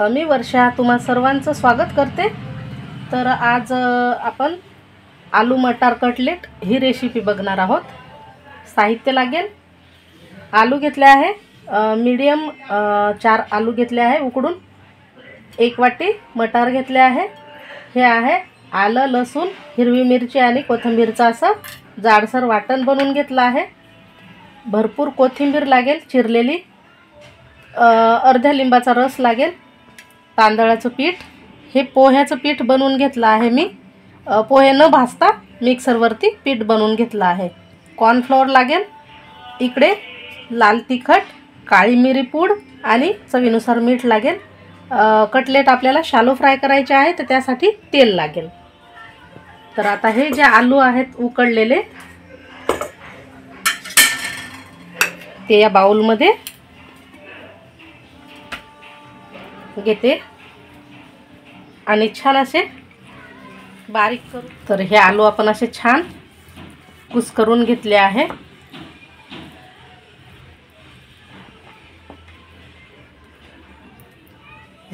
मी वर्षा तुम्हा सर्वांचं स्वागत करते तर आज आपण आलू मटार कटलेट ही रेसिपी बघणार आहोत साहित्य लागेल आलू घेतले आहे मीडियम चार आलू घेतले आहे उकडून एक वाटी मटार घेतले आहे हे आहे आलं लसूण हिरवी मिरची आणि कोथिंबीरचं असं जाडसर वाटण बनवून घेतलं आहे भरपूर कोथिंबीर लागेल चिरलेली अर्ध्या लिंबाचा रस लागेल तांदळाचं पीठ हे पोह्याचं पीठ बनवून घेतलं आहे मी पोहे न भाजता मिक्सरवरती पीठ बनवून घेतलं आहे कॉर्नफ्लॉवर लागेल इकडे लाल तिखट काळी मिरी पूड आणि चवीनुसार मीठ लागेल कटलेट आपल्याला शालो फ्राय करायचे आहे तर त्यासाठी तेल लागेल तर आता हे जे आलू आहेत उकडलेले ते या बाऊलमध्ये घेते आणि छान असे बारीक करू तर हे आलू आपण असे छान कुस करून घेतले आहे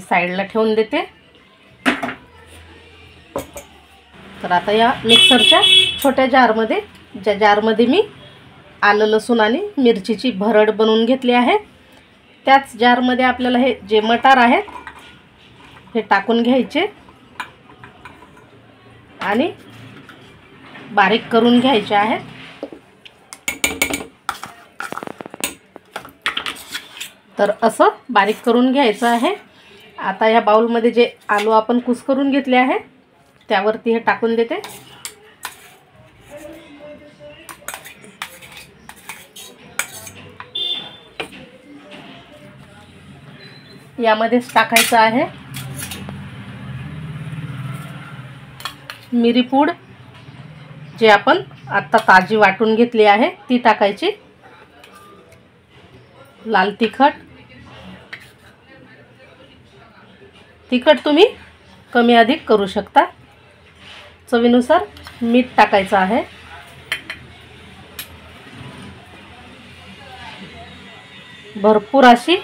साईडला ठेवून देते तर आता या मिक्सरच्या छोट्या जारमध्ये ज्या जारमध्ये मी आलं लसूण आणि मिरचीची भरड बनवून घेतली आहे त्याच जारमध्ये आपल्याला हे जे मटार आहेत हे टाकून घ्यायचे आणि बारीक करून घ्यायचे आहेत तर असं बारीक करून घ्यायचं आहे आता ह्या बाउलमध्ये जे आलू आपण कुस करून घेतले आहे त्यावरती हे टाकून देते यामध्येच टाकायचं आहे मिरी पूड जे आपण आत्ता ताजी वाटून घेतली आहे ती टाकायची लाल तिखट तिखट तुम्ही कमी अधिक करू शकता चवीनुसार मीठ टाकायचं आहे भरपूर अशी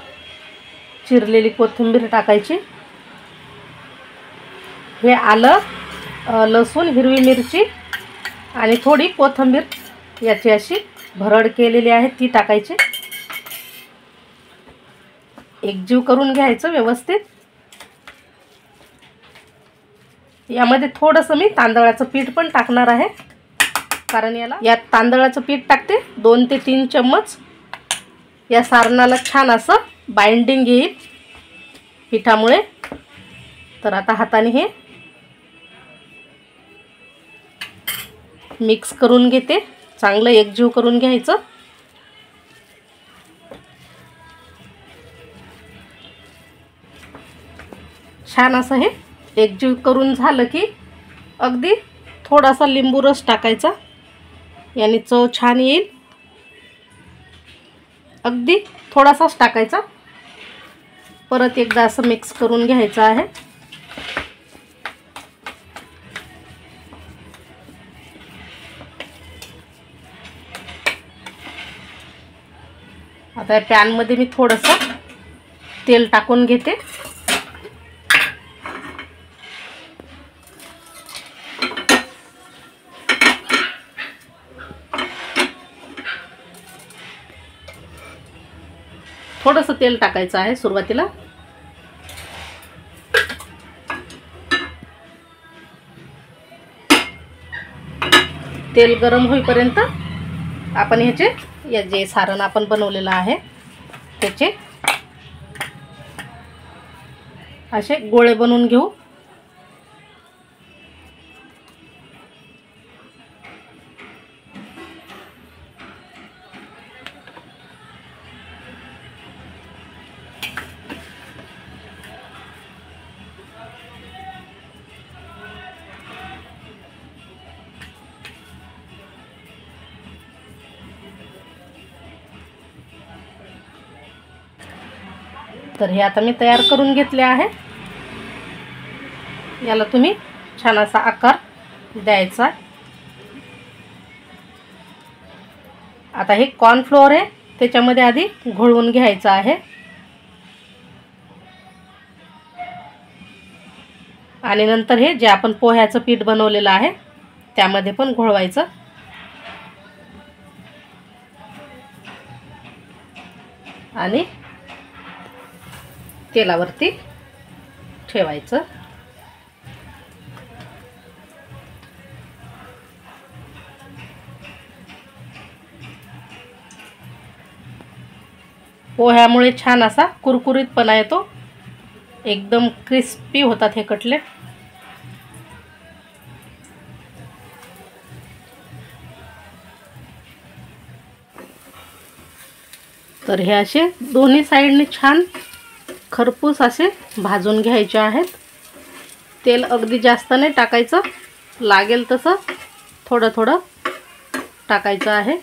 चिरलेली कोथिंबीर टाकायची हे आलं लसूण हिरवी मिरची आणि थोडी कोथंबीर याची अशी भरड केलेली आहे ती टाकायची एकजीव करून घ्यायचं व्यवस्थित यामध्ये थोडंसं मी तांदळाचं पीठ पण टाकणार आहे कारण याला यात तांदळाचं पीठ टाकते दोन ते तीन चम्मच या सारणाला छान असं बाइंडिंग येईल पिठामुळे तर आता हाताने हे मिक्स करून घेते चांगलं एकजीव करून घ्यायचं छान असं हे एकजीव करून झालं की अगदी थोडासा लिंबू रस टाकायचा याने चव छान येईल अगदी थोडासाच टाकायचा परत एकदा असं मिक्स करून घ्यायचं आहे आता या पॅनमध्ये मी थोडंसं तेल टाकून घेते थोडंसं तेल टाकायचं आहे सुरुवातीला तेल गरम होईपर्यंत आपण ह्याचे या जे सारण आपण बनवलेलं आहे त्याचे असे गोळे बनवून घेऊ तर हे आता मी तयार करून घेतले आहे याला तुम्ही छान असा आकार द्यायचा आता हे कॉर्नफ्लोअर आहे त्याच्यामध्ये आधी घोळवून घ्यायचं आहे आणि नंतर हे जे आपण पोह्याचं पीठ बनवलेलं आहे त्यामध्ये पण घोळवायचं आणि तेलावरती ठेवायचं पोह्यामुळे छान असा कुरकुरीतपणा येतो एकदम क्रिस्पी होतात हे कटलेट तर हे असे दोन्ही साईडने छान खरपूस असे भाजून घ्यायचे आहेत तेल अगदी जास्त नाही टाकायचं लागेल तसं थोडं थोडं टाकायचं आहे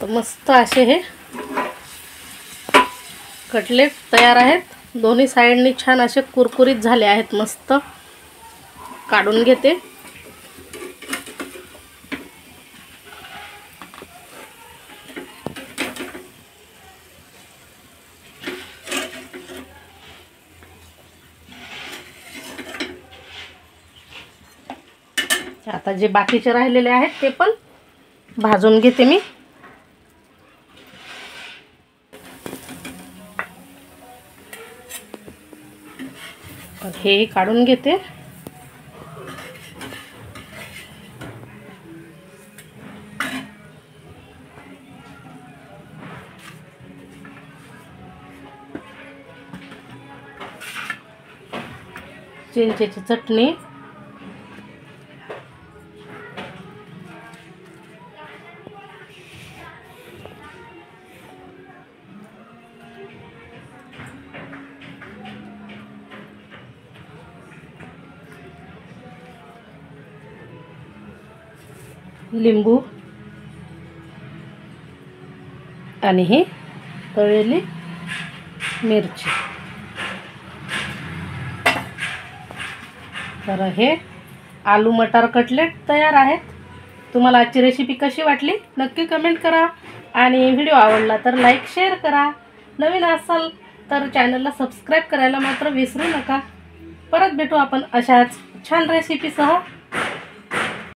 तर मस्त असे हे कटलेट तयार आहेत दोन्ही साईडनी छान असे कुरकुरीत झाले आहेत मस्त काढून घेते आता जे बाकीचे राहिलेले आहेत ते पण भाजून घेते मी हे काढून घेते चिंचेची चटणी लिंबू आणि ही तळलेली मिरची तर हे आलू मटार कटलेट तयार आहेत तुम्हाला आजची रेसिपी कशी वाटली नक्की कमेंट करा आणि व्हिडिओ आवडला तर लाईक शेअर करा नवीन असाल तर चॅनलला सबस्क्राईब करायला मात्र विसरू नका परत भेटू आपण अशाच छान रेसिपीसह